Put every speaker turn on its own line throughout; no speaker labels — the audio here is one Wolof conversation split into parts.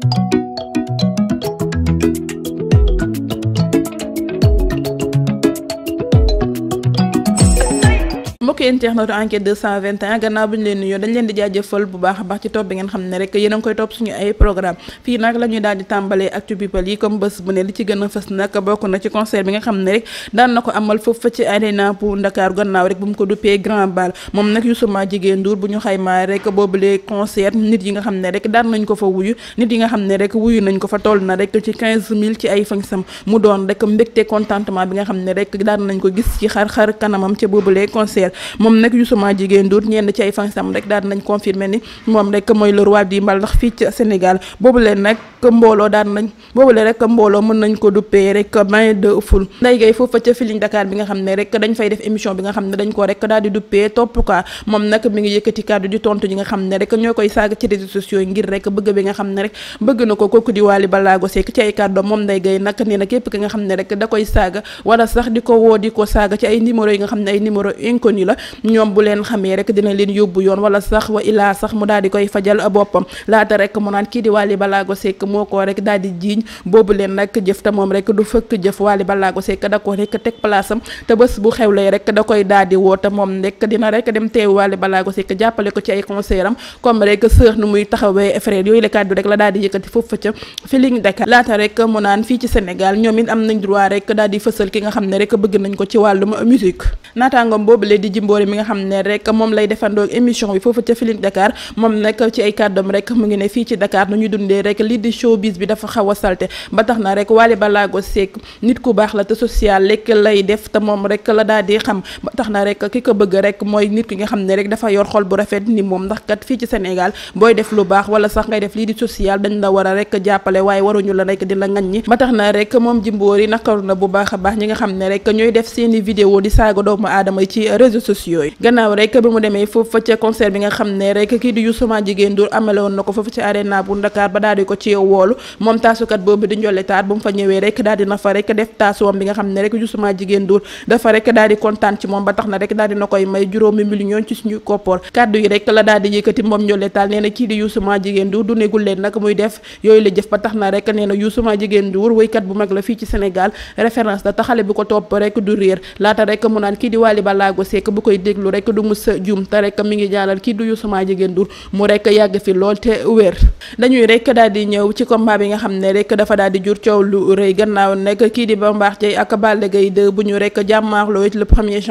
thank you mbokki concert bi nga xam ne rek daan ko amal foofu ci arena bu gannaaw rek bu mu ko duppee grand bal moom nag Youssouma jigéen Ndour bu ñu xaymaa rek boobulee concert nit yi nga xam ne rek daan nañ ko fa wuyu nit yi nga xam ne rek wuyu nañ ko fa toll na rek ci 15000 ci ay fansam mu doon rek mbégte contentement bi nga xam ne rek daan nañ ko gis ci xar xar kanamam ca boobulee concert moom nag Youssouma Jigéen Ndour ñenn ci ay fansam rek daal nañ confirmer ni moom rek mooy le roi di mbalax fii ci Sénégal boobu leen nag mbooloo daan nañ boobu leen rek mbooloo mën nañ ko duppee rek main de foule nday gay foofa ca Feeling Dakar bi nga xam ne rek dañ fay def émission bi nga xam ne dañ ko rek daal di duppee topp quoi moom nag mi ngi yëkkati kàddu di tontu ñi nga xam ne rek ñoo koy saaga ci réseaux sociaux yi ngir rek bëgg bi nga xam ne rek bëgg na ko kooku di Wally Ballago Seck ci ay kàddu moom nday gay nag na képp ki nga xam ne rek da koy saaga wala sax di ko woo di ko saaga ci ay numéro yi nga xam ne ay numéro inconnu la ñoom bu leen xamee rek dina leen yóbbu yoon wala sax wa ilaa sax mu daal di koy fajal boppam laata rek mu naan kii di Wally Ballago Seck moo ko rek daal di jiiñ boobu leen nag jëf te moom rek du fëkk jëf Wally Ballago Seck ko rek teg place am te bés bu xewlee rek da koy daal di woo te moom rek dina rek dem teew Wally Ballago Seck jàppale ko ci ay concert am comme rek sœur nu muy taxawee frère yooyu la du rek la daal di yëkkati foofu ca Feeling Dakar laata rek mu naan fii ci Sénégal ñoom it am nañ droit rek daal di fësal ki nga xam ne rek bëgg nañ ko ci wàllum Ngori mi nga xam ne rek moom lay defandoo émission bi foofu ca Feeling Dakar moom nag ci ay kàddoom rek mu ngi ne fii ci Dakar nu dundee rek lii di showbiz ba tax na rek ku baax la te social rek lay def te moom rek la daal di xam ba tax na rek ki ko bëgg rek mooy nit ki nga xam ne rek dafa yor xol bu rafet ni moom ndax kat fii ci Sénégal booy def lu baax wala sax ngay def lii di social dañ la war a rek jàppale waaye waruñu la rek di la ŋaññi ba tax na rek moom Jimbori nakaru na bu baax a baax ñi nga xam ne rek ñooy def seeni vidéo di saaga doomu aadama yi ci réseaux sociaux yi koppoor kàddu yi rek la daal yëkkati moom njole taar nee kii di Youssou Jigéen du négul leen nag muy def yooyu la jëf ba tax na rek nee na Jigéen Ndour wéykat bu mag la fii ci Sénégal référence da taxale bi ko topp rek du réer laata rek mu naan kii di Wally Ballago Seck koy déglu rek du mu sa jum te rek mi ngi jàllal kii duyu sama jigéen dur mu rek yàgg fi lool te wér dañuy rek daal di ñëw ci combat bi nga xam ne rek dafa daal di jur coow lu rëy gannaaw nekk kii di Bombardier ak Balla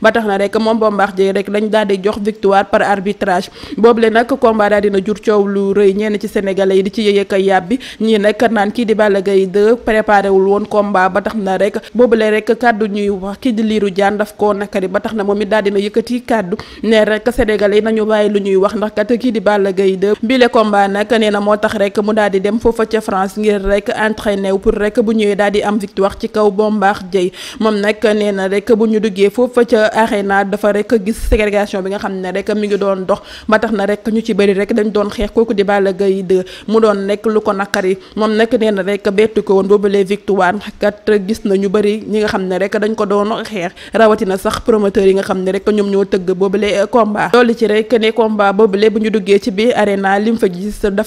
ba tax na rek moom Bombardier rek lañ daal di jox victoire par arbitrage boobule nag combat daal dina jur coow lu rëy ñenn ci sénégalais yi di ci yëyëk a yàbbi ñii nag naan kii di Balla Gaye 2 préparé wul woon combat ba tax na rek boobule rek kàddu ñuy wax kii di liiru jaan daf ko naka Gris ba tax na moom it daal dina yëkkati kàddu ne rek sénégalais yi nañu bàyyi lu ñuy wax ndax kat kii di Balla Gaye 2 bile combat nag nee na moo tax rek mu daal di dem ca France bu na rek bu ñu duggee foofa ca arena dafa rek gis ségrégation bi nga xam ne rek mi ngi doon dox ba tax na rek ñu ci bëri rek dañ doon xeex kooku di Balla Gaye 2 mu doon nekk lu ko nakari moom nag nee na rek bettu ko woon boobu les victoire kat gis na ñu bëri ñi nga xam ne rek dañ ko doon xeex rawatina sax promoteurs yi nga xam ne rek ñoom ñoo tëgg boobule eh, combat loolu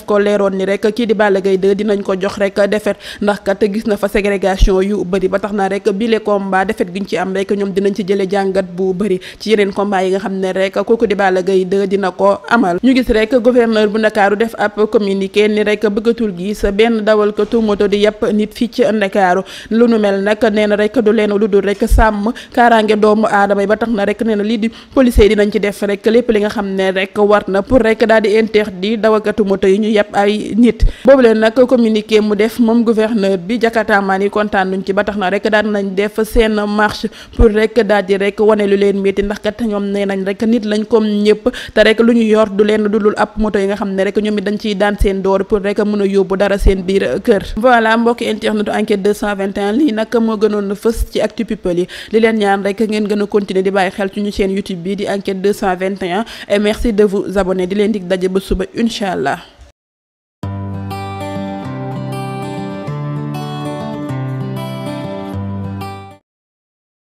ko leeroon ni rek kii di Balla Gaye ko jox rek défaite ndax kat gis na fa ségrégation yu bëri ba tax na rek bile combat défaite gi ñu ci am rek ñoom dinañ ci jëlee jàngat bu bëri ci yeneen combat yi nga xam ne rek kooku di Balla Gaye 2 dina ko amal ñu gis rek gouverneur bu Ndakaaru def ab communiqué ni rek bëggatul gis benn dawal dawalkatu moto di yàpp nit fii ci Ndakaaru lu nu mel nag nee na rek du leen lu rek sàmm kaaraange doomu aadama aadama yi ba tax na rek nee na lii di policiers yi dinañ ci def rek lépp li nga xam ne rek war na pour rek daal interdit dawakatu moto yi ñu yàpp ay nit boobu leen nag communiqué mu ñoom nee nañ rek nit lañ comme ñëpp te rek lu ñu yor du leen dulul ab moto yi nga xam ne rek ñoom dañ ciy daan seen door pour rek mën a yóbbu dara seen biir kër voilà mbokki internetu enquête lii nag moo gënoon fës ci actu people leen ñaan rek ngeen gën a continuer di bàyyi xel ci ñu seen YouTube bi di enquête 221 et merci de vous abonner di leen dig daje ba suba incha